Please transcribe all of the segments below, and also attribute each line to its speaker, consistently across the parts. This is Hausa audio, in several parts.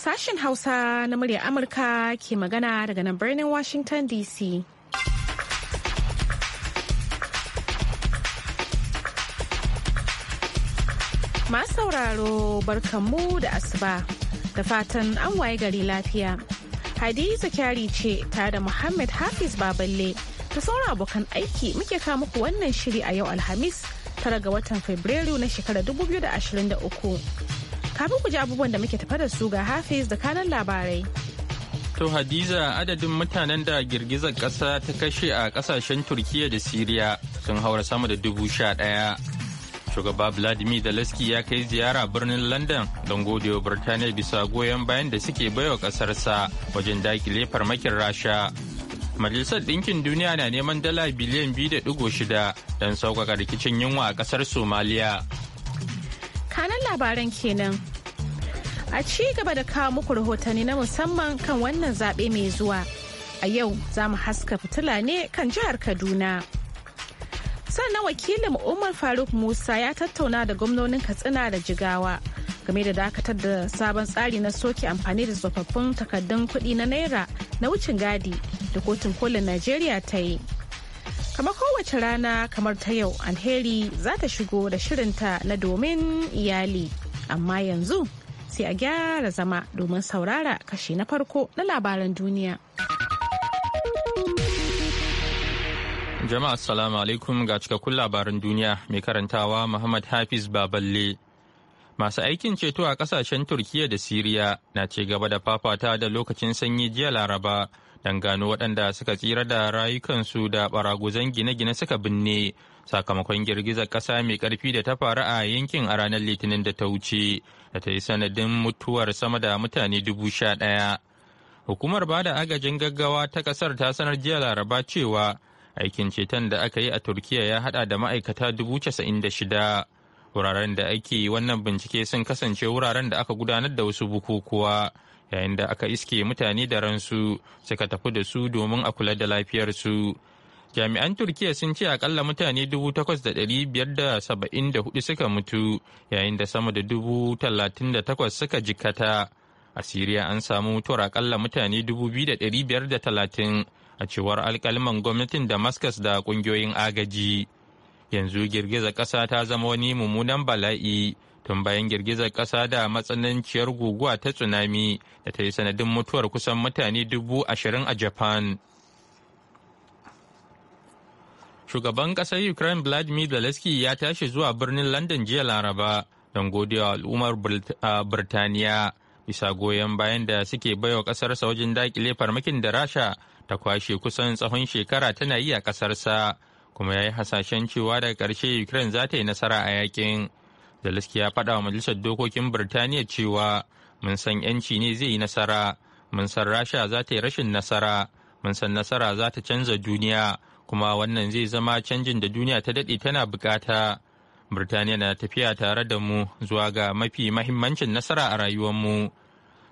Speaker 1: Sashen Hausa na muryar Amurka ke magana daga nan birnin Washington DC. Masu sauraro barkanmu da asuba da fatan an waye gari lafiya. Hadiza kyari ce tare da Muhammad Hafiz Baballe ta saura abokan aiki muke kawo muku wannan shiri a yau Alhamis tara ga watan Fabrairu na shekarar 2023. Kafin ku ji abubuwan da muke tafa da su ga Hafiz da kanan labarai.
Speaker 2: To Hadiza adadin mutanen da girgizar ƙasa ta kashe a ƙasashen Turkiyya da Siriya sun haura sama da dubu sha ɗaya. Shugaba Vladimir Zelensky ya kai ziyara birnin London don godewa Birtaniya bisa goyon bayan da suke baiwa ƙasarsa wajen dakile farmakin Rasha. Majalisar Ɗinkin Duniya na neman dala biliyan biyu da shida don sauƙaƙa rikicin yunwa a ƙasar Somaliya.
Speaker 1: labaran kenan. A ci gaba da kawo muku rahotanni na musamman kan wannan zaɓe mai zuwa. A yau za mu haska fitila ne kan jihar Kaduna. Sannan wakilin Umar Faruk Musa ya tattauna da gwamnonin Katsina da Jigawa game da dakatar da sabon tsari na soke amfani da tsofaffin takardun kuɗi na Naira na wucin gadi da kotun kolin Najeriya ta yi. Kama kowace rana kamar ta yau alheri za ta shigo da shirinta na domin iyali. Amma yanzu sai a gyara zama domin saurara kashe na farko na labaran duniya.
Speaker 2: Jama'a assalamu alaikum ga cikakkun labaran duniya mai karantawa Muhammad Hafiz Baballe. Masu aikin ceto a kasashen Turkiyya da Siriya na ce gaba da fafata da lokacin sanyi jiya Laraba don gano waɗanda suka tsira da rayukansu da ɓaraguzan gine-gine suka binne sakamakon girgizar ƙasa mai ƙarfi da ta faru a yankin a ranar litinin da ta wuce da ta yi sanadin mutuwar sama da mutane dubu sha ɗaya. Hukumar ba da agajin gaggawa ta ƙasar ta sanar jiya laraba cewa aikin ceton da aka yi a turkiyya ya haɗa da ma'aikata dubu casa'in da shida. Wuraren da ake wannan bincike sun kasance wuraren da aka gudanar da wasu bukukuwa. yayin da aka iske mutane da ransu suka tafi da su domin a kula da lafiyarsu. Jami'an Turkiyya sun ce akalla mutane 8,574 suka mutu yayin da sama da 38,000 suka jikata A Siriya an samu mutuwar akalla mutane 2,530 a cewar alkalman gwamnatin Damascus da kungiyoyin agaji. Yanzu girgiza ƙasa ta zama wani mummunan bala'i. tun bayan girgizar ƙasa da matsananciyar guguwa ta tsunami da ta yi sanadin mutuwar kusan mutane dubu ashirin a japan shugaban ƙasar ukraine vladimir zelensky ya tashi zuwa birnin london jiya laraba don godewa al'ummar birtaniya bisa goyon bayan da suke baiwa ƙasarsa wajen dakile farmakin da rasha ta kwashe kusan tsawon shekara tana yi a ƙasarsa kuma ya yi hasashen cewa daga ƙarshe ukraine za ta yi nasara a yakin Zelensky ya faɗa wa Majalisar Dokokin Birtaniya cewa mun san 'yanci ne zai yi nasara, mun san Rasha za ta yi rashin nasara, mun san nasara za ta canza duniya, kuma wannan zai zama canjin da duniya ta daɗe tana bukata. Birtaniya na tafiya tare da mu zuwa ga mafi mahimmancin nasara a rayuwar mu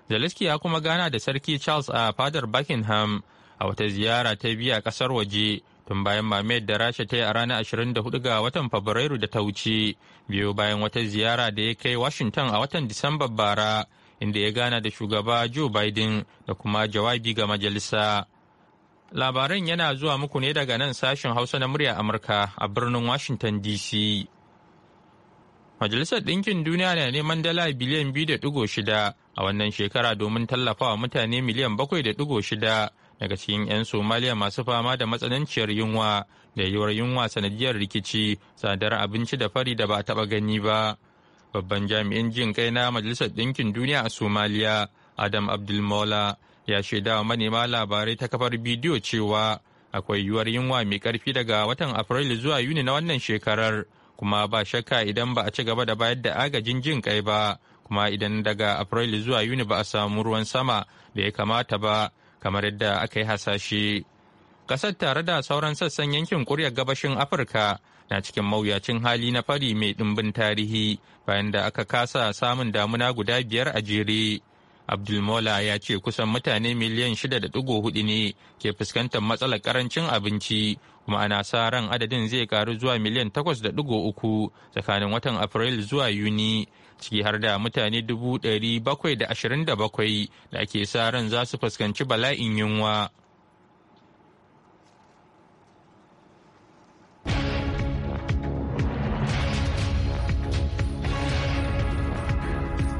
Speaker 2: Zelensky ya kuma gana da Sarki Charles a fadar Buckingham a wata ziyara ta biya ƙasar waje tun bayan mamayar da rasha ta yi a ranar 24 ga watan fabrairu da ta wuce biyo bayan wata ziyara da ya kai washington a watan disamba bara inda ya gana da shugaba joe biden da kuma jawabi ga majalisa labaran yana zuwa muku ne daga nan sashen hausa na murya amurka a birnin washington dc Majalisar Ɗinkin Duniya na neman dala biliyan 2.6 a wannan shekara domin tallafawa mutane miliyan 7.6 daga cikin 'yan somaliya masu fama da matsananciyar yunwa da yiwuwar yunwa sanadiyar rikici tsadar abinci da fari da ba a taba gani ba babban jami'in jin kai na majalisar ɗinkin duniya a somaliya adam abdulmola ya shaida wa manema labarai ta kafar bidiyo cewa akwai yiwuwar yunwa mai karfi daga watan afrilu zuwa yuni na wannan shekarar kuma ba shakka idan ba a ci gaba da bayar da agajin jin kai ba kuma idan daga afrilu zuwa yuni ba a samu ruwan sama da ya kamata ba kamar yadda aka yi hasashe ƙasar tare da sauran sassan yankin kuryar gabashin afirka na cikin mawuyacin hali na fari mai ɗimbin tarihi bayan da aka kasa samun damuna guda biyar a jere abdulmola ya ce kusan mutane miliyan 6.4 ne ke fuskantar matsalar karancin abinci kuma ana sa ran adadin zai karu zuwa miliyan 8.3 tsakanin watan Afrilu zuwa Yuni ciki har da mutane 727 da ake sa ran za su fuskanci bala'in yunwa.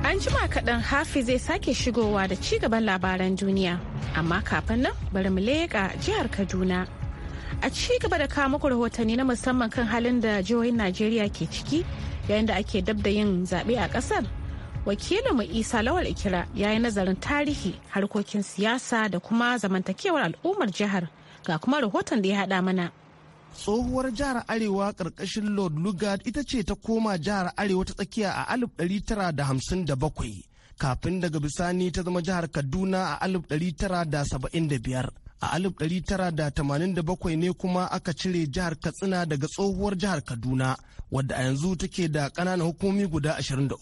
Speaker 1: An jima kaɗan hafi zai sake shigowa da ci gaban labaran duniya, amma kafin nan bari mu leƙa jihar Kaduna. a ci gaba da kawo muku rahotanni na musamman kan halin da jihohin najeriya ke ciki yayin da ake dab da yin zaɓe a ƙasar wakilinmu isa lawal ikira ya yi nazarin tarihi harkokin siyasa da kuma zamantakewar al'ummar jihar ga kuma rahoton da ya haɗa mana
Speaker 3: tsohuwar jihar arewa ƙarƙashin lord lugard ita ce ta koma jihar arewa ta tsakiya a 1957 kafin daga bisani ta zama jihar kaduna a 1975 a 1987 ne kuma aka cire jihar katsina daga tsohuwar jihar kaduna wadda a yanzu take da ƙananan hukumomi guda 23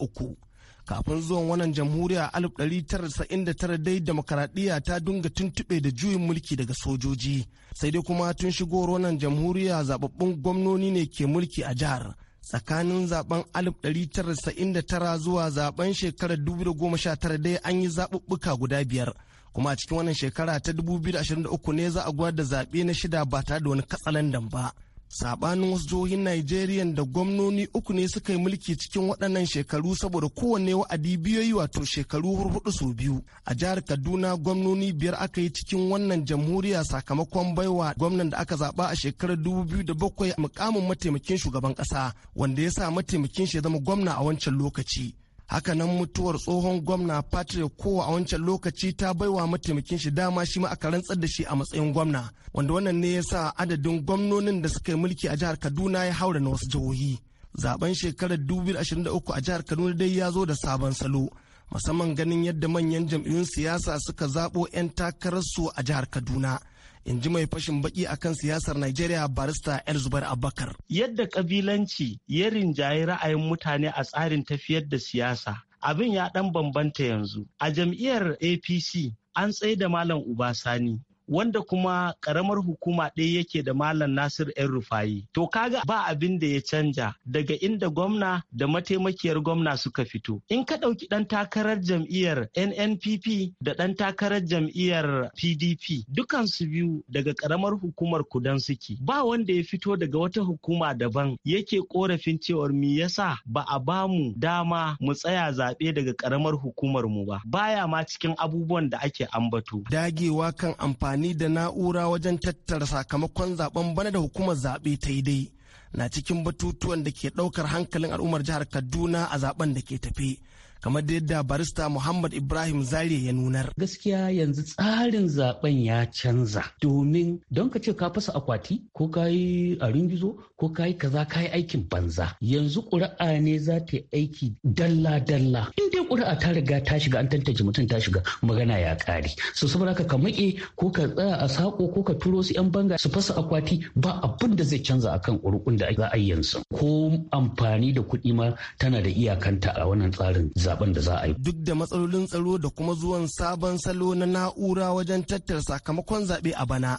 Speaker 3: kafin zuwan wannan jamhuriya 1999 dai demokaradiyya ta dunga tuntuɓe da juyin mulki daga sojoji sai dai kuma tun shigowar wannan jamhuriya zababbun gwamnoni ne ke mulki a jihar tsakanin zaben 1999 zuwa zaben shekarar 2019 dai an yi zaɓuɓɓuka guda biyar kuma a cikin wannan shekara ta 2023 ne za a gwada zaɓe na shida ba tare da wani katsalandan ba sabanin wasu jihohin Najeriya da gwamnoni uku ne suka yi mulki cikin waɗannan shekaru saboda kowanne wa'adi biyoyi wato shekaru hurhudu su biyu a jihar Kaduna gwamnoni biyar aka yi cikin wannan jamhuriya sakamakon baiwa gwamnan da aka zaɓa a shekarar 2007 mukamin mataimakin shugaban ƙasa wanda ya sa mataimakin shi zama gwamna a wancan lokaci hakanan mutuwar tsohon gwamna patrick kowa a wancan lokaci ta baiwa mataimakin shi dama shi ma aka rantsar da shi a matsayin gwamna wanda wannan ne ya sa adadin gwamnonin da suka yi mulki a jihar kaduna ya haura na wasu jihohi zaben shekarar 2023 a jihar kaduna dai ya zo da sabon salo musamman ganin yadda manyan jam'iyyun siyasa suka zaɓo 'yan takararsu a jihar kaduna in ji mai fashin baki akan siyasar Najeriya barista El Zubair Abubakar. Yadda
Speaker 4: kabilanci ya rinjayi ra'ayin mutane a tsarin tafiyar da siyasa abin ya dan bambanta yanzu. A jam'iyyar APC an tsaye da Malam Ubasani wanda kuma karamar hukuma ɗaya yake da Malam Nasir ‘yan rufayi. To kaga ba abin da ya canja daga inda gwamna da mataimakiyar gwamna suka fito. In ka ɗauki ɗan takarar jam'iyyar NNPP da ɗan takarar jam'iyyar PDP dukansu biyu daga karamar hukumar kudan suke. Ba wanda ya fito daga wata hukuma daban yake korafin cewar mi yasa ba a bamu dama mu tsaya zaɓe daga karamar
Speaker 3: hukumar mu ba. Baya ma cikin abubuwan da ake ambato. Dagewa kan amfani amfani da na'ura wajen tattara sakamakon zaben bana da hukumar zaɓe ta yi dai na cikin batutuwan da ke ɗaukar hankalin al'ummar jihar kaduna a zaben da ke tafe kamar da yadda barista Muhammad Ibrahim Zare ya nunar. Gaskiya yanzu tsarin zaben ya canza
Speaker 4: domin don ka ce ka fasa akwati ko ka yi a ringizo ko ka yi kaza ka yi aikin banza yanzu ƙuri'a ne za ta yi aiki dalla-dalla in dai ƙuri'a ta riga ta shiga an tantance mutum ta shiga magana ya ƙare so saboda haka ka maƙe ko ka tsaya a saƙo ko ka turo su 'yan banga su fasa akwati ba abin da zai canza akan ƙuri'un da za a yanzu ko amfani da kuɗi ma tana da iyakanta a wannan tsarin zaben da za a yi. Duk
Speaker 3: da matsalolin tsaro da kuma zuwan sabon salo na na'ura wajen tattara sakamakon zaɓe a bana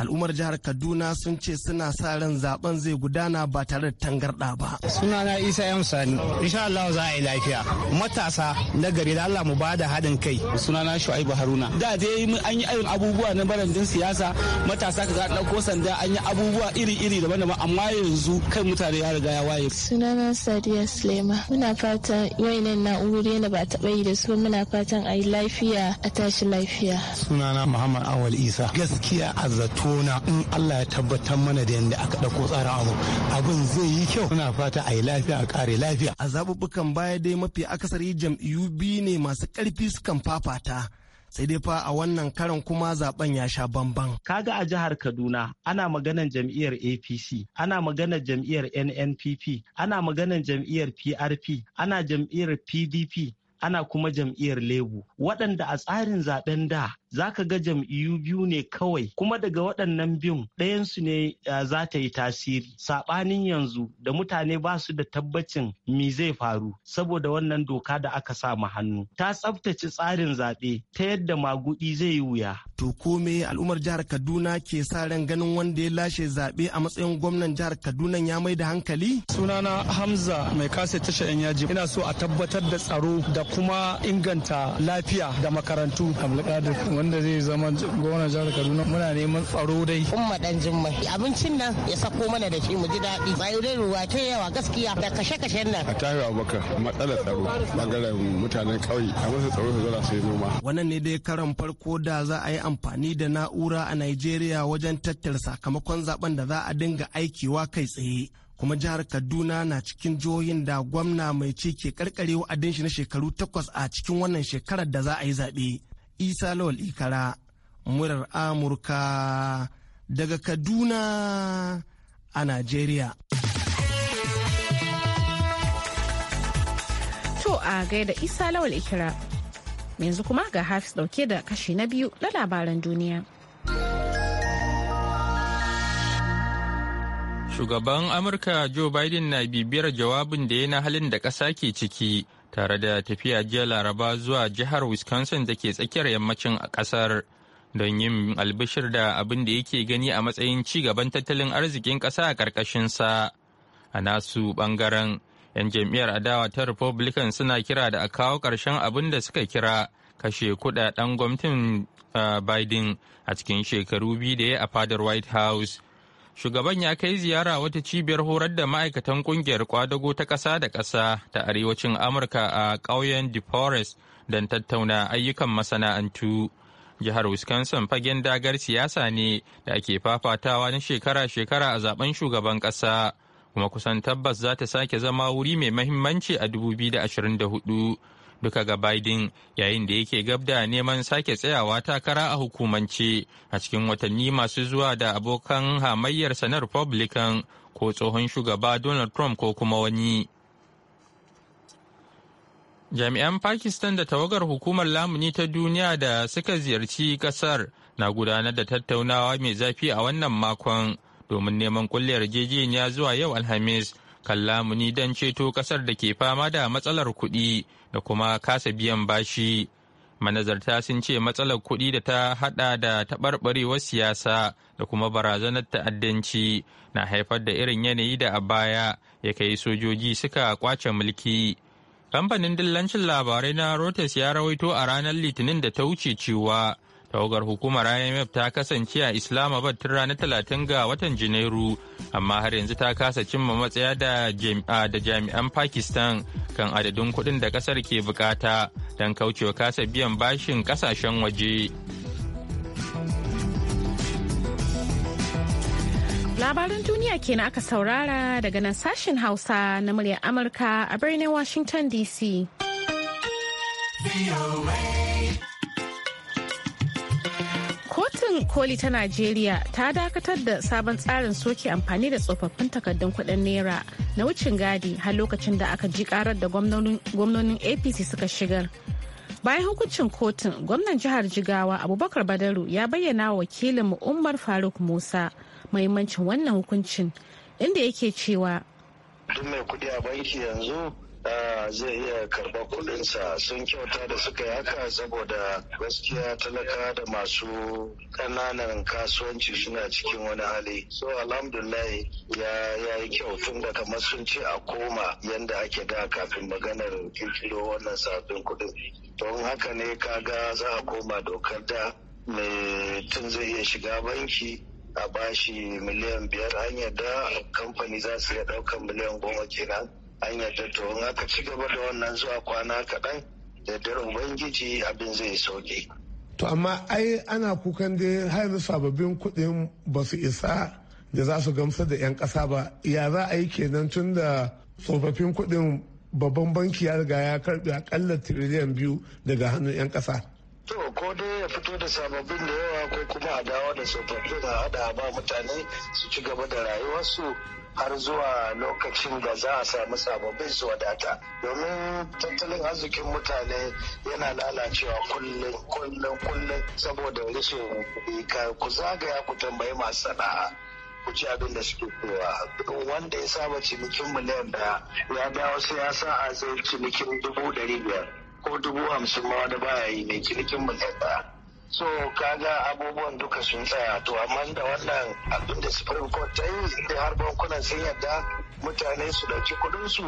Speaker 3: al'ummar jihar kaduna sun ce suna sa ran zaben zai gudana ba tare da tangarda ba
Speaker 4: sunana isa yan sani insha Allah za a yi lafiya matasa na gari da Allah mu ba da haɗin kai sunana shu'aibu haruna da dai an yi ayyukan abubuwa na barandin siyasa matasa ka ga ɗauko sanda an yi abubuwa iri-iri daban-daban amma yanzu kai mutane ya
Speaker 5: riga ya waye
Speaker 1: sunana sadiya sulema muna fatan wayannan uri yana ba taɓa yi da su muna fatan a yi lafiya a tashi lafiya
Speaker 5: sunana muhammad awal isa gaskiya a zato gona in Allah ya tabbatar mana da yadda aka ɗauko tsarin abu abin zai yi
Speaker 3: kyau muna fata a yi lafiya a kare lafiya a zaɓuɓɓukan baya dai mafi akasari jam'iyyu biyu ne masu ƙarfi sukan fafata sai dai fa a wannan karan kuma zaben ya sha bamban.
Speaker 4: Kaga a jihar Kaduna ana maganan jam'iyyar APC, ana maganar jam'iyyar NNPP, ana maganan jam'iyyar PRP, ana jam'iyyar PDP, ana kuma jam'iyyar lebu Waɗanda a tsarin zaben da za ka ga jam'iyyu biyu ne kawai kuma daga waɗannan biyun ɗayansu ne za ta yi tasiri saɓanin yanzu da mutane ba su da tabbacin me zai faru saboda wannan doka da aka sa mu hannu
Speaker 3: ta tsaftace tsarin zaɓe ta yadda magudi zai yi wuya. To kome al'ummar jihar Kaduna ke sa ran ganin wanda ya lashe zaɓe a matsayin gwamnan jihar Kaduna ya mai da hankali? Sunana Hamza
Speaker 4: mai kasa tasha yan yaji ina so a tabbatar da tsaro da kuma inganta
Speaker 5: lafiya da makarantu. wanda zai zama gona jihar kaduna muna
Speaker 4: neman tsaro dai
Speaker 6: kun madan jimma abincin nan ya sako mana da shi mu ji daɗi bayo dai ruwa ta
Speaker 3: yawa gaskiya da kashe-kashen
Speaker 6: nan
Speaker 5: a tafi abubakar matsala tsaro bangaren mutanen kauye a masa tsaro su zara su yi noma
Speaker 3: wannan ne dai karan farko da za a yi amfani da na'ura a Najeriya wajen tattara sakamakon zaben da za a dinga aikiwa kai tsaye kuma jihar kaduna na cikin jihohin da gwamna mai ci ke karkare a shi na shekaru takwas a cikin wannan shekarar da za a yi zaɓe isa lawal ikara murar amurka daga kaduna a nigeria.
Speaker 1: to a gaida isa lawal ikira yanzu kuma ga hafiz dauke da kashi na biyu na labaran duniya
Speaker 2: shugaban amurka joe biden na bibiyar jawabin da ya na halin da ƙasa ke ciki tare da tafiya jiya laraba zuwa jihar wisconsin da ke tsakiyar yammacin kasar don yin albishir da abin da yake gani a matsayin ci gaban tattalin arzikin kasa a ƙarƙashinsa a nasu ɓangaren 'yan jam'iyyar adawa ta republican suna kira da a kawo ƙarshen abin da suka kira kashe kudaden gwamnatin uh, biden a cikin shekaru biyu da ya a fadar white house shugaban ya kai ziyara wata cibiyar horar da ma'aikatan kungiyar kwadago ta ƙasa da ƙasa ta arewacin amurka a ƙauyen deforest don tattauna ayyukan masana'antu jihar wisconsin fagen dagar siyasa ne da ake fafatawa na shekara-shekara a zaben shugaban ƙasa kuma kusan tabbas za ta sake zama wuri mai mahimmanci a 2024 duka ga Biden yayin da yake gab da neman sake tsayawa takara a hukumance a cikin watanni masu zuwa da abokan hamayyar na Republican ko tsohon shugaba Donald Trump ko kuma wani. Jami'an Pakistan da tawagar hukumar lamuni ta duniya da suka ziyarci kasar na gudanar da tattaunawa mai zafi a wannan makon domin neman kulle yarjejeniya zuwa yau Alhamis. kan lamuni don ceto kasar da ke fama da matsalar kuɗi da kuma kasa biyan bashi manazarta sun ce matsalar kuɗi da ta haɗa da taɓarɓarewar siyasa da kuma barazanar ta'addanci na haifar da irin yanayi da a baya ya kai sojoji suka kwace mulki kamfanin dillancin labarai na rotas ya rawaito a ranar litinin da ta wuce cewa tawagar hukumar imf ta kasance a islamabad tun ranar talatin ga watan janairu amma har yanzu ta kasa cimma matsaya da jami'an pakistan kan adadin kudin da kasar ke bukata don kaucewa kasa biyan bashin kasashen waje
Speaker 1: labarin duniya kenan aka saurara daga nan sashen hausa na muryar amurka a birnin washington dc kotun koli ta najeriya ta dakatar da sabon tsarin soke amfani da tsofaffin takardun kuɗin naira na wucin gadi har lokacin da aka ji karar da gwamnonin apc suka shigar bayan hukuncin kotun gwamnan jihar jigawa abubakar badaru ya bayyana wa wakilin umar faruk musa mahimmancin wannan hukuncin inda yake cewa
Speaker 7: duk mai kudi a banki yanzu zai iya karba kuɗinsa sun kyauta da suka yi haka saboda gaskiya talaka da masu ƙananan kasuwanci suna cikin wani hali so alhamdulillah ya yi kyau tun da kamar sun ce a koma yanda ake da kafin maganar kirkiro wannan sabbin kudin don haka ne kaga za a koma dokar da mai tun zai iya shiga banki a bashi miliyan biyar an yadda kamfani za su iya ɗaukar miliyan goma kenan an yarda to aka ci gaba da wannan zuwa kwana kaɗan da dare ubangiji abin zai sauke.
Speaker 5: to amma ai ana kukan da har sababbin kuɗin ba su isa da za su gamsa da 'yan ƙasa ba ya za a yi kenan tun da tsofaffin kuɗin babban banki ya riga ya karɓi akalla tiriliyan biyu daga hannun 'yan ƙasa. to ko dai ya
Speaker 7: fito da sababbin da yawa ko kuma a dawo da tsofaffin a haɗa ba mutane su ci gaba da rayuwarsu har zuwa lokacin da za a samu sababbin su wadata domin tattalin arzikin mutane yana lalacewa kullum kullum kullum saboda rashin ku zagaya ku tambayi masu sana'a ku ci abin da suke kowa duk wanda ya saba cinikin miliyan da ya dawo sai ya sa a zai cinikin dubu ɗari biyar ko dubu hamsin ma wani baya yi mai cinikin miliyan daya so kaga abubuwan duka sun tsaya to amma da wannan abin da supreme court ta yi da har bankunan sun yarda mutane su dauki kudin su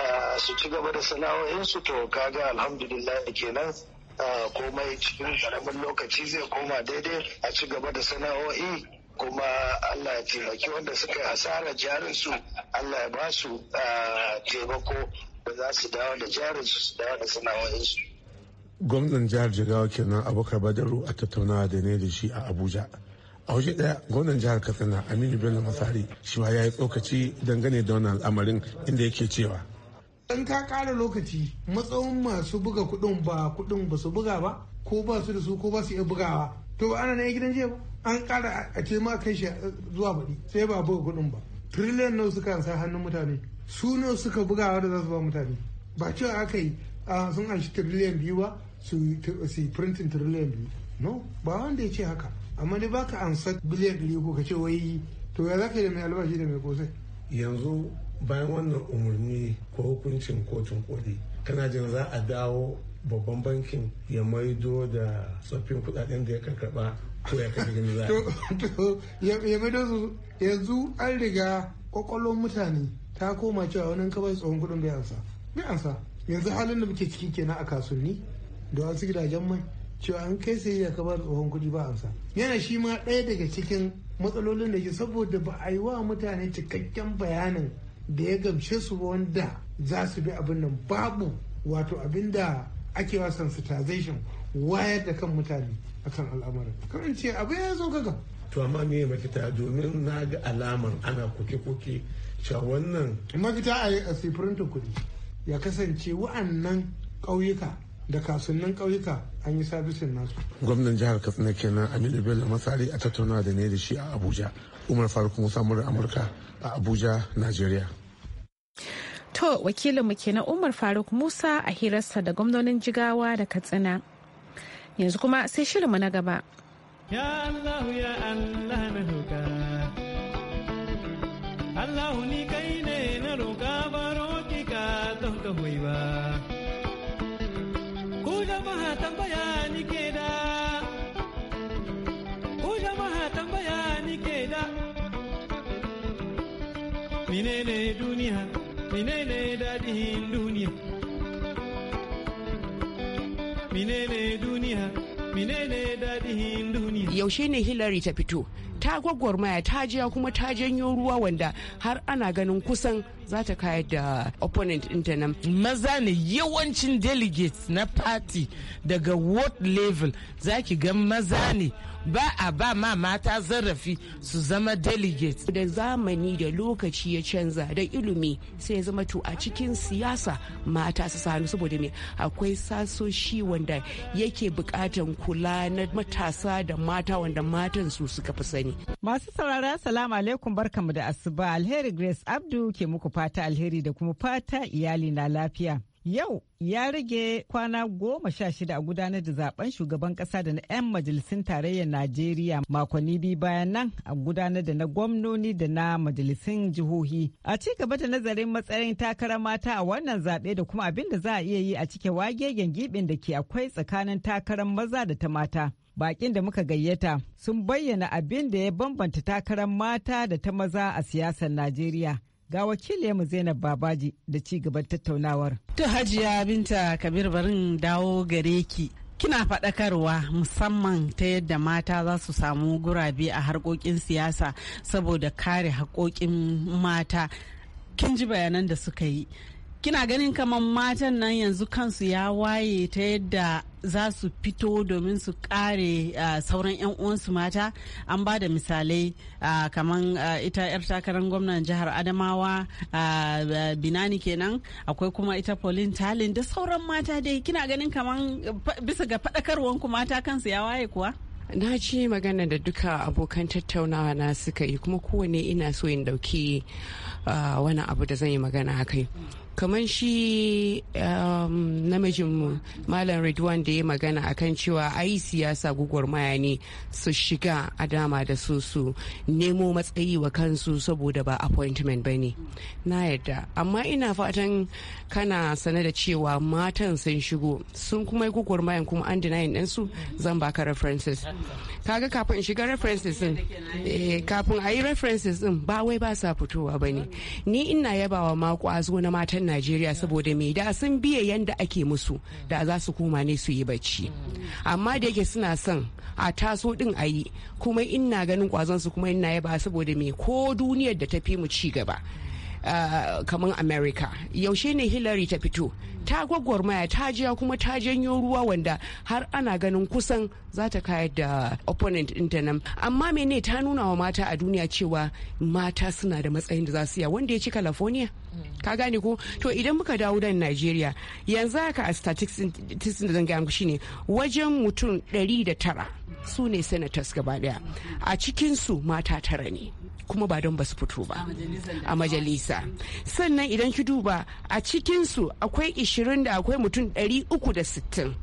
Speaker 7: eh, su ci gaba da sana'o'insu to kaga alhamdulillah kenan eh, komai cikin karamin lokaci zai koma daidai a ci gaba da sana'o'i kuma Allah ya taimaki wanda suka yi jarin jarinsu Allah ya ba su eh, taimako da za su dawo da jarinsu su dawo da sana'o'insu.
Speaker 5: gwamnan jihar jigawa kenan abokar badaru a tattaunawa da ne da shi a abuja a waje daya gwamnan jihar katsina aminu bello masari shi ma ya yi tsokaci dangane da wannan al'amarin inda yake cewa dan ka kara lokaci matsawon masu buga kudin ba kudin ba su buga ba ko ba su da su ko ba su iya bugawa to ana na gidan jiya an kara a ce ma kai shi eh, zuwa baɗi sai ba buga kudin ba trillion nawa suka sa hannun mutane su nawa suka bugawa da za su ba mutane ba cewa aka yi sun anshi trillion biyu ba su su printing trillion biyu no ba wanda ya ce haka amma ba baka ansa biliyan ɗari ko ka ce wai to ya zaka da mai albashi da mai kosai yanzu bayan wannan umarni ko hukuncin kotun koli kana jin za a dawo babban bankin ya maido da tsoffin kudaden da ya karkaba ko ya kafa gani za ya maido su yanzu an riga kwakwalon mutane ta koma cewa wani kawai tsohon kudin bai ansa bai yanzu halin da muke ciki kenan a kasuwanni da wasu gidajen mai cewa an kai sai ya kamar tsohon kuɗi ba amsa yana shi ma ɗaya daga cikin matsalolin da ke saboda ba a yi wa mutane cikakken bayanin da ya gamshe su wanda za su bi abin nan babu wato abin da ake wa sensitization wayar da kan mutane akan al'amarin kan ce abu ya zo gaga to amma me mafita domin na ga alamar ana koke-koke cewa wannan mafita a yi a kuɗi ya kasance wa'annan ƙauyuka da kasannin ƙauyuka an yi sabisin nasu. Gwamnan jihar Katsina kenan Aminu Bello Masari a tattauna da ne da shi a Abuja. Umar Faruk Musa Murar Amurka a Abuja, Najeriya.
Speaker 1: To wakilinmu na Umar Faruk Musa a hirarsa da gwamnonin Jigawa da Katsina. Yanzu kuma sai shirinmu na gaba.
Speaker 4: Ya Allah ya Allah na Allah ni kai ne na roka baro ki ka don ka ba. minene duniya
Speaker 8: minene duniya minene duniya yaushe ne hillary ta fito ta gwagwarmaya ta jiya kuma ta janyo ruwa wanda har ana ganin kusan za ta kayar da opponent ɗinta
Speaker 6: nan. Maza ne yawancin delegates na party daga world level za ki ga maza ne ba a ba ma mata
Speaker 8: zarafi su zama delegate da zamani da lokaci ya canza da ilimi sai ya zama to a cikin siyasa mata su sanu saboda me akwai sasoshi wanda yake bukatan kula na matasa da mata wanda matan su suka fi sani masu saurara salamu alaikum barkamu da asuba alheri grace abdu ke muku fata
Speaker 9: alheri da kuma fata iyali na lafiya Yau ya rage kwana goma sha shida a gudanar da zaben shugaban kasa da na 'yan majalisun tarayyar Najeriya makonni biyu bayan nan a gudanar da na gwamnoni da na majalisun jihohi. A ci gaba da nazarin matsayin takarar mata a wannan zaɓe da kuma abin da za a iya yi a cike wagegen gibin da ke akwai tsakanin takarar maza da ta mata. Bakin da muka gayyata sun bayyana abin da ya bambanta takarar mata da ta maza a siyasar Najeriya. Ga wakiliyarmu Zainab Babaji da ci gaban tattaunawar.
Speaker 10: To Hajiya Binta Kabir barin dawo gare ki. Kina faɗakarwa musamman ta yadda mata za su samu gurabe a harkokin siyasa saboda kare haƙoƙin mata. Kin ji bayanan da suka yi. kina ganin kamar matan nan yanzu kansu ya waye ta yadda za su fito domin su kare uh, sauran 'yan uwansu mata an ba da misalai uh, kamar uh, ita 'yar takarar gwamnan jihar adamawa uh, uh, binani kenan akwai kuma ita pauline talin da sauran mata dai kina ganin kamar
Speaker 8: bisa ga faɗakarwan ku mata kansu ya waye kuwa na ci magana da duka abokan tattaunawa na suka yi kuma kowane ina so in dauki wani abu da zan yi magana a kai kamar shi um, namijin malam Ridwan da ya magana akan cewa ai siyasa gwagwarmaya ne su shiga a dama da su su nemo matsayi wa kansu saboda ba appointment ba ne na yadda amma ina fatan kana sane da cewa matan sun shigo sun kuma yi gwagwarmayan kuma an denying ɗinsu zan baka references kaga kafin shiga references din eh, kafin a yi references din ba wai ba sa fitowa ba ne ni ina yabawa mako a zo na matan najeriya saboda mai da sun biya yanda ake musu da za su koma ne su yi bacci amma da yake suna son a taso din a yi kuma ina ganin kwazon su kuma ina yaba saboda mai ko duniyar da ta fi mu ci gaba Uh, kamar america yaushe ne hillary ta fito ta gwagwarmaya ta jiya kuma ta janyo ruwa wanda har ana ganin kusan za ta kayar da opponent ɗinta nan amma mene ta nuna wa mata a duniya cewa mata suna da matsayin da za su ya wanda ya ci california ka gane ko to idan muka dawo da najeriya yanzu haka a statistics da zan yanku shine wajen mutum 109 su ne senators gaba daya a cikinsu mata tara ne kuma ba don ba su fito ba a majalisa sannan idan ki duba a cikinsu akwai 20 da akwai mutum 360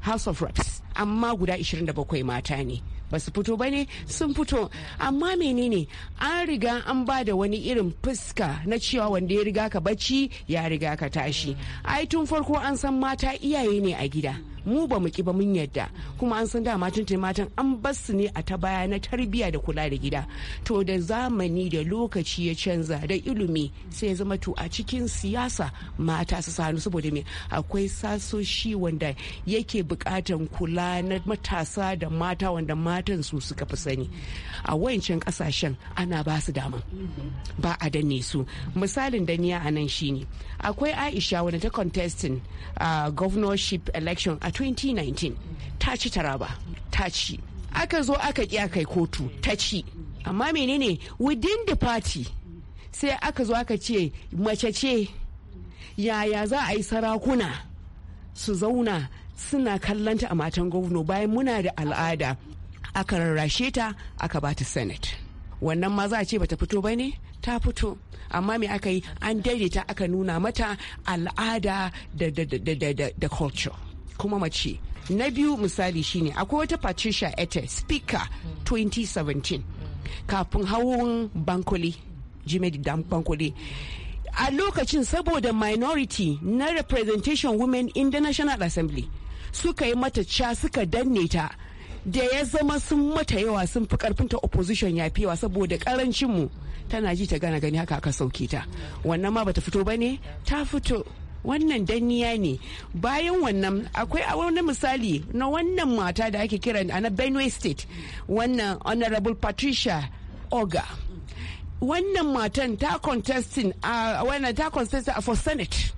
Speaker 8: house of reps amma guda 27 mata ne ba su fito ba ne sun fito amma menene an riga an ba da wani irin fuska na cewa wanda ya riga ka bacci ya riga ka tashi ai tun farko an san mata iyaye ne a gida mu ba mu ki ba mun yadda kuma an san dama tun matan an bar ne a ta baya na tarbiyya da kula da gida to da zamani da lokaci ya canza da ilimi sai ya zama to a cikin siyasa mata su sanu saboda me akwai sasoshi wanda yake bukatan kula na matasa da mata wanda matan su suka fi sani a wancan kasashen ana ba su dama ba a danne su misalin daniya a nan shine akwai aisha wanda ta contesting uh, governorship election a 2019 ta ci taraba ta ci aka zo aka ƙi kai kotu ta ci amma menene within the party sai aka zo aka ce mace ce yaya za a yi sarakuna su zauna suna kallanta a matan gwamna bayan muna da al'ada aka rarrashe ta aka ba ta senate wannan ma za a ce bata fito ba ne ta fito amma me aka yi an daidaita aka nuna mata al'ada da culture kuma mace na biyu misali shine akwai wata patricia ete speaker 2017 kafin hawan bankole jimedi bankole a lokacin saboda minority na representation women in the national assembly suka yi mata ca suka danne ta da ya zama sun mata yawa sun fi ta opposition ya fiwa saboda karancinmu tana ji ta gana gani haka aka sauke ta wannan ma bata fito ba ne ta fito wannan danniya ne bayan wannan akwai a wani misali na wannan mata da ake kira a na benue state wannan honorable patricia oga wannan matan ta contesting a wannan ta contesting for senate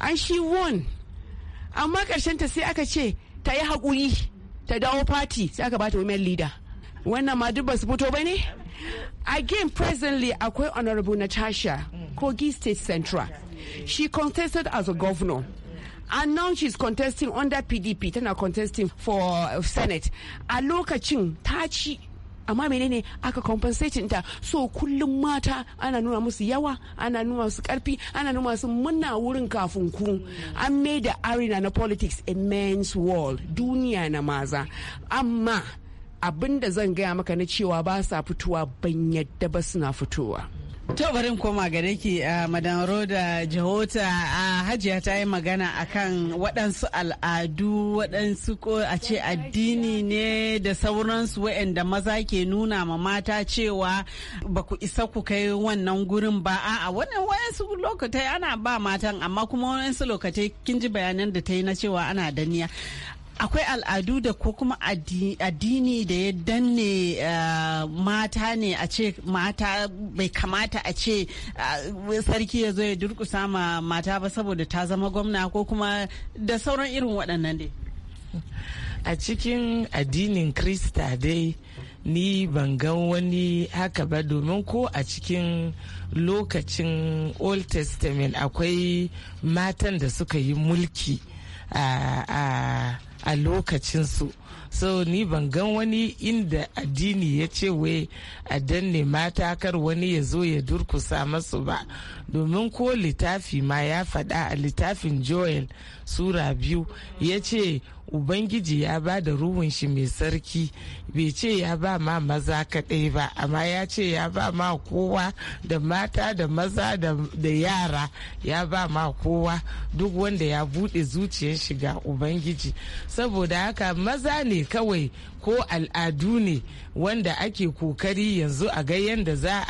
Speaker 8: and she won amma ta sai aka ce ta yi haƙuri ta dawo party sai aka bata women leader wannan ma duk ba su fito ba ne Again, presently, akwai Honorable Natasha, Kogi State Central. She contested as a governor. And now she's contesting under PDP, tana contesting for uh, Senate. A lokacin ta amma menene aka compensating ta so kullum mata ana nuna musu yawa ana nuna musu karfi ana nuna musu muna wurin kafin ku an da arena na politics a men's world duniya na maza amma Abinda zan gaya maka na cewa ba sa fitowa ban yadda ba suna fitowa
Speaker 10: To bari koma gare ki a uh, madan Roda Jahota a uh, Hajiya ta yi magana akan waɗansu al'adu waɗansu ko a ce addini ne da sauransu waɗanda maza ke nuna ma mata cewa ba ku isa ku kai wannan gurin ba a wannan wayansu lokatai ana ba matan amma kuma wayansu lokatai kin ji bayanan da ta yi na cewa ana daniya. akwai al'adu da ko kuma addini da ya danne eh, mata ne a ce mata bai kamata a ce eh, sarki ya zo ya
Speaker 6: durkusa ma mata ba
Speaker 10: saboda ta zama gwamna ko kuma da sauran irin waɗannan dai
Speaker 6: a cikin addinin krista dai ni ban gan wani haka ba domin ko a cikin lokacin old testament akwai matan da suka yi mulki a a lokacinsu so ni ban gan wani inda addini ya ce wai a danne mata kar wani ya zo ya durkusa masu ba domin ko littafi ma ya faɗa a littafin joel sura biyu ya ce ubangiji ya ba da ruhun shi mai sarki bai ce ya ba ma maza kaɗai ba amma ya ce ya ba ma kowa da mata da maza da yara ya ba ma kowa duk wanda ya buɗe zuciyar shiga ubangiji saboda haka maza ne kawai ko al'adu ne wanda ake kokari yanzu a ga yadda za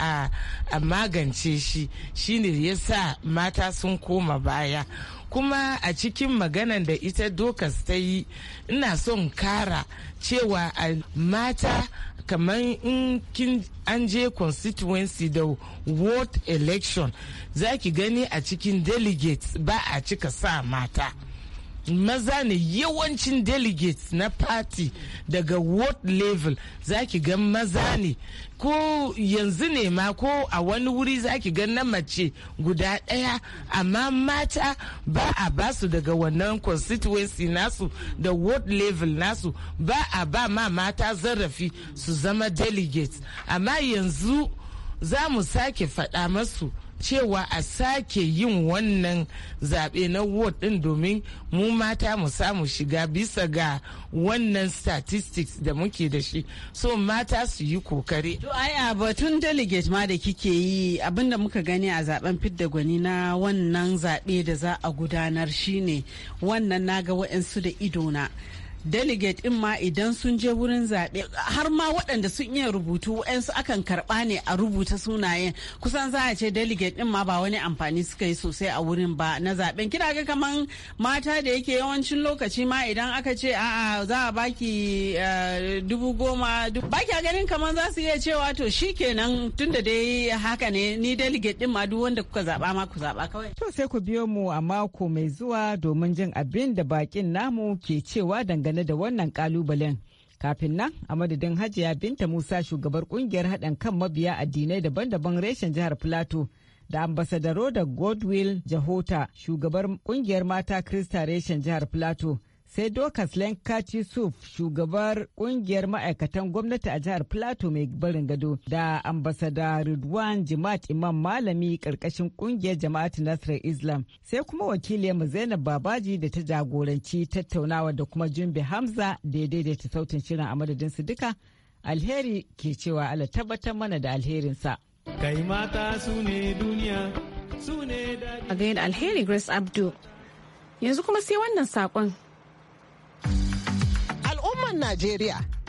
Speaker 6: a magance shi shine ya sa mata sun koma baya kuma a cikin maganan da ita dokas ta yi ina son kara cewa a mata kamar in kin an je constituency da ward election za ki gani a cikin delegates ba a cika sa mata maza ne yawancin delegates na party daga world level za ki ga maza ne ko yanzu ne ma ko a wani wuri za ki ga na mace guda ɗaya amma mata ba a ba su daga wannan constituency nasu da world level nasu ba a ba ma mata zarafi su zama delegates amma yanzu za mu sake faɗa masu cewa a sake yin wannan zaɓe na ward ɗin domin mu mata mu samu shiga bisa ga wannan statistics da muke da shi so mata su yi kokari.
Speaker 10: To ai a batun delegate ma da kike yi abinda muka gani a zaben fidda gwani na wannan zaɓe da za a gudanar shine wannan naga waɗansu da idona. delegate in ma idan sun je wurin zaɓe har ma waɗanda sun iya rubutu su akan karɓa ne a rubuta sunayen kusan za a ce delegate din ma ba wani amfani suka yi sosai a wurin ba na zaɓen kina ga kaman mata da yake yawancin lokaci ma idan aka ce a'a za a baki eh, dubu goma baki a ganin kaman za su iya cewa to shi kenan tunda dai haka ne ni delegate din ma duk wanda kuka zaɓa ma ku zaɓa kawai.
Speaker 9: To sai ku biyo mu a mako mai zuwa domin jin abin da bakin namu ke cewa dangane dangane da wannan kalubalen. Kafin nan a madadin Hajiya Binta Musa shugabar kungiyar haɗin kan mabiya addinai daban-daban reshen jihar plateau da ambasadaro da Godwill Jahota shugabar kungiyar mata Krista reshen jihar plateau sai Dokas Lenkaci Suf shugabar kungiyar ma'aikatan gwamnati a jihar Plateau mai barin gado da ambasada Ridwan jimat Imam Malami karkashin kungiyar Jama'at Nasrar Islam sai kuma wakiliyarmu Zainab Babaji da ta jagoranci tattaunawa da kuma Jumbe Hamza da ya daidaita sautin shirin a madadin su duka alheri ke cewa ala tabbatar mana da alherinsa. Kai mata su ne duniya su ne da
Speaker 10: alheri Grace Abdu. Yanzu kuma sai wannan sakon. Al'ummar Najeriya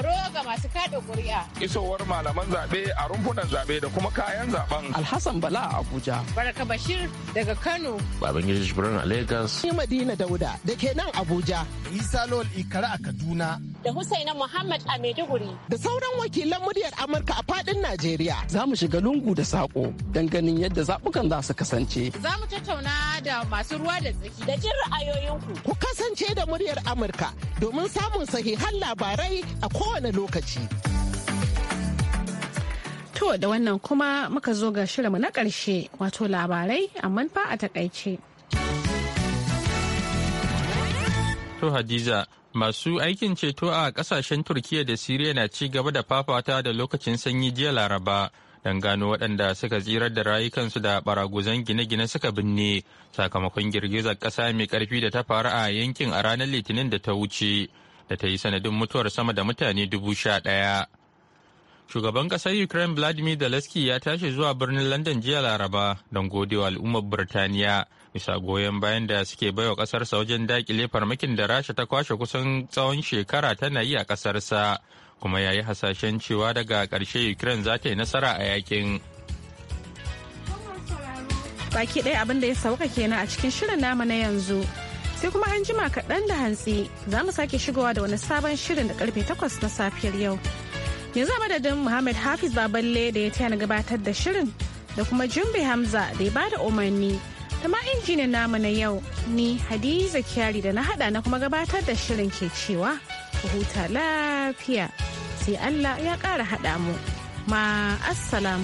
Speaker 10: tsaro ga masu kada kuri'a.
Speaker 3: Isowar malaman zaɓe a rumfunan zaɓe da kuma kayan zaɓen. Alhassan Bala a Abuja. Baraka Bashir daga Kano.
Speaker 4: Babangida Jibrin a Lagos. Ni
Speaker 3: Madina Dauda da ke nan Abuja. Isa Lol Ikara a Kaduna.
Speaker 10: da Husaina Muhammad a Maiduguri.
Speaker 3: Da sauran wakilan muryar Amurka a fadin Najeriya. Za mu shiga lungu da saƙo don ganin yadda zaɓukan za su kasance.
Speaker 1: Za mu tattauna da masu ruwa da tsaki da jin ra'ayoyinku.
Speaker 3: Ku kasance da muryar Amurka domin
Speaker 1: samun sahihan labarai a kowane lokaci. To da wannan kuma muka zo ga shirinmu na ƙarshe wato labarai amma fa a takaice.
Speaker 2: To Hadiza, masu aikin ceto a kasashen Turkiyya da Siriya na ci gaba da fafata da lokacin sanyi jiya Laraba. don gano waɗanda suka tsirar da rayukansu da baraguzan gine-gine suka binne sakamakon girgizar ƙasa mai ƙarfi da ta faru a yankin a ranar litinin da ta wuce da ta yi sanadin mutuwar sama da mutane dubu sha ɗaya. Shugaban kasar Ukraine Vladimir Zelensky ya tashi zuwa birnin London jiya Laraba don godewa al'ummar Birtaniya bisa goyon bayan da suke baiwa sa wajen dakile farmakin da Rasha ta kwashe kusan tsawon shekara tana yi a sa kuma yayi hasashen cewa daga karshe Ukraine za ta yi nasara a yakin.
Speaker 1: Baki ɗaya abin da ya sauka kenan a cikin shirin nama na yanzu. sai kuma an jima kaɗan da hantsi za mu sake shigowa da wani sabon shirin da karfe takwas na safiyar yau yanzu madadin muhammad hafiz baballe da ya taya na gabatar da shirin da kuma jumbe hamza da ya bada umarni da ma injinin namu na yau ni hadiza kyari da na hada na kuma gabatar da shirin ke cewa ku huta lafiya sai allah ya kara hada mu ma